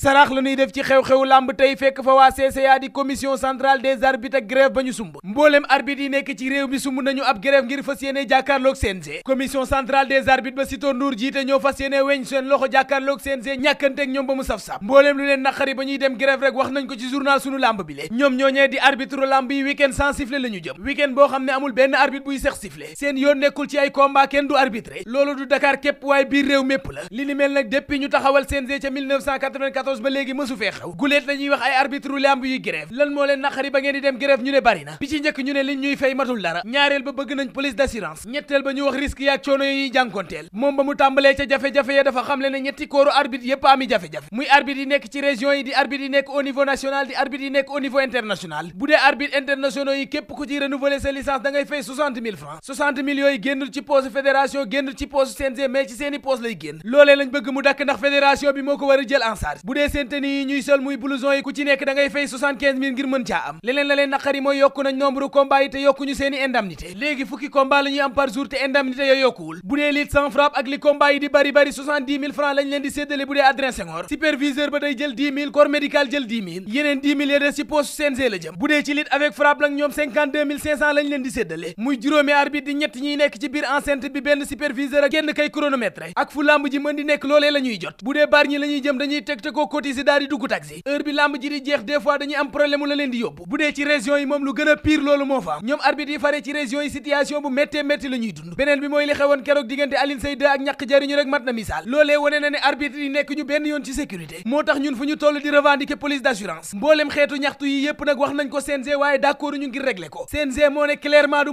saraax la ñuy def ci xew-xewu làmb tey fekk fa waa CCA di commission centrale des arbitres ak grève ba ñu sumb mbooleem arbitre yi nekk ci réew mi sumb nañu ab grève ngir fas yéene jàkkaarloog CNG commission centrale des arbitres ba Sitor Ndour jiite ñoo fas yéene weñ seen loxo jàkkaarloog CNG ñàkkanteeg ñoom ba mu saf-saf mbooleem lu leen naqari ba ñuy dem grève rek wax nañ ko ci journal sunu làmb bi le ñoom ñooñee di arbitre làmb yi week benn arbitre buy ñu taxawal CNG 2014 ba léegi mësu fee xew guléet la wax ay arbitre lamb yuy grève lan moo leen naqari ba ngeen di dem grève ñu ne bari bi ci njëkk ñu ne liñ ñuy fay matul dara ñaareel ba bëgg nañ police d'assurance ñetteel ba ñu wax risque yaag coono yi jànkonteel moom ba mu tàmbalee ca jafe-jafe ya dafa xam le ñetti kooru arbitre yépp ami jafe-jafe muy arbitre yi nekk ci région yi di arbitre yi nekk au niveau national di arbitre yi nekk au niveau dee seen tenue yi ñuy sol muy blouson yi ku ci nekk da ngay fay 75000 ngir mën caa am leneen la leen naqari mooy yokku nañ nombre combat te yokkuñu seen i indemnité léegi fukki combat la am par te indemnité yooyu yokkuwul bu dee lit sans frappe ak li combat di bari bari 70000 francs lañ leen di séddale bu dee Adrien Senghor ba day jël 10000 corps médical jël 10000 yeneen 10000 ya des ci poste la jëm cotiser daal di dugg taxi heure bi lamb ji di jeex des dañuy am problème la leen di yóbbu bu dee ci région yi moom lu gën a pire loolu moo fa am ñoom arbitre yi fare ci région yi situation bu méttee métti la ñuy dund beneen bi mooy li xewoon keroog diggante Alioune Seye ak ñàkk jariñu rek mat na misaal loolee wone na ne arbitre yi nekk ñu benn yoon ci sécurité moo tax ñun fu ñu toll di revendiquer police d'assurance mboolem xeetu ñaxtu yi yépp nag wax waaye d'accord ñu ngir régler ko CNG moo ne clairement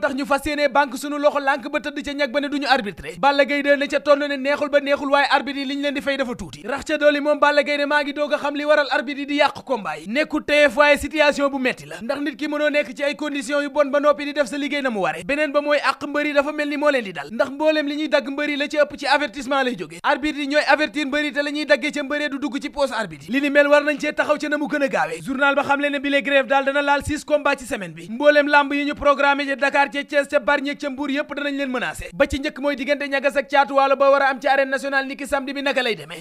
tax ñu fas yéene banque suñu loxo lànk ba tëdd ca ñag ba ne duñu arbitrer Balla tuuti rax ca dooli moom Balla Gaye maa ngi doog a xam li waral arbitre di yàq combat yi nekkul teye waaye situation bu metti la ndax nit ki mënoo nekk ci ay conditions yu bon ba noppi di def sa liggéey na mu ware beneen ba mooy àq mbëri dafa mel ni moo leen di dal ndax mbooleem li ñuy dagg mbëri la ci ëpp ci avertissement lay jóge arbitre ñooy avertir mbëri te la daggee ca mbëree du dugg ci poste arbitre li ni mel war nañ cee taxaw ca na mu gën a gaawee journal ba xam le ne bi les grève daal dana laal leen menacé ba ci njëkk diggante ñagas ak caatuwaalo ba war a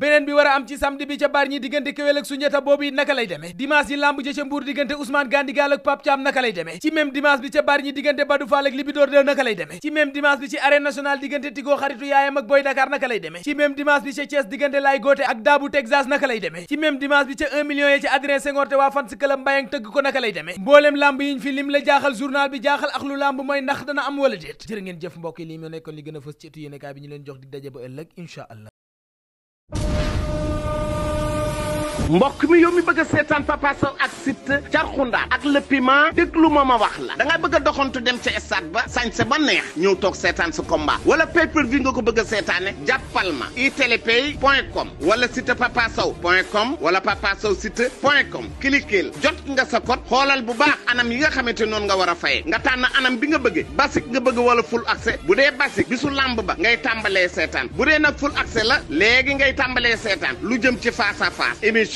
beneen bi war am ci samedi bi ca Bargny diggante diggante Ousmane ak Pape Thiam naka lay demee ci même dimanche bi ca Bargny diggante Badou Fall ak Libidor 2 naka lay demee ci même dimanche bi ci arène diggante Tigo xaritu yaayam ak Boy Dakar naka lay demee ci même dimanche bi ca Thiès diggante Laay Goote ak Daabu Texas naka lay demee ci même dimanche bi ci Adrien Senghor te waa fans club Mbayang tëgg ko naka lay demee mboolem lamb yiñ bi ci mbokk mi yow mi bëgg a seetaan papa Sow ak site Carxunda ak le piment déglu ma ma wax la da nga bëgg doxantu dem ca stade ba sañse ba neex ñëw toog seetaan sa combat wala pay per nga ko bëgg a seetaane jàppal ma itelepay point com wala site papa Sow point com wala papa Sow site point com jot nga sa code xoolal bu baax anam yi nga xamante noon nga war a fayee nga tànn anam bi nga bëggee basique nga bëgg wala full accès bu dee basique bi su làmb ba ngay tàmbalee seetaan bu dee nag full accès la léegi ngay tàmbalee seetaan lu jëm ci face à face émission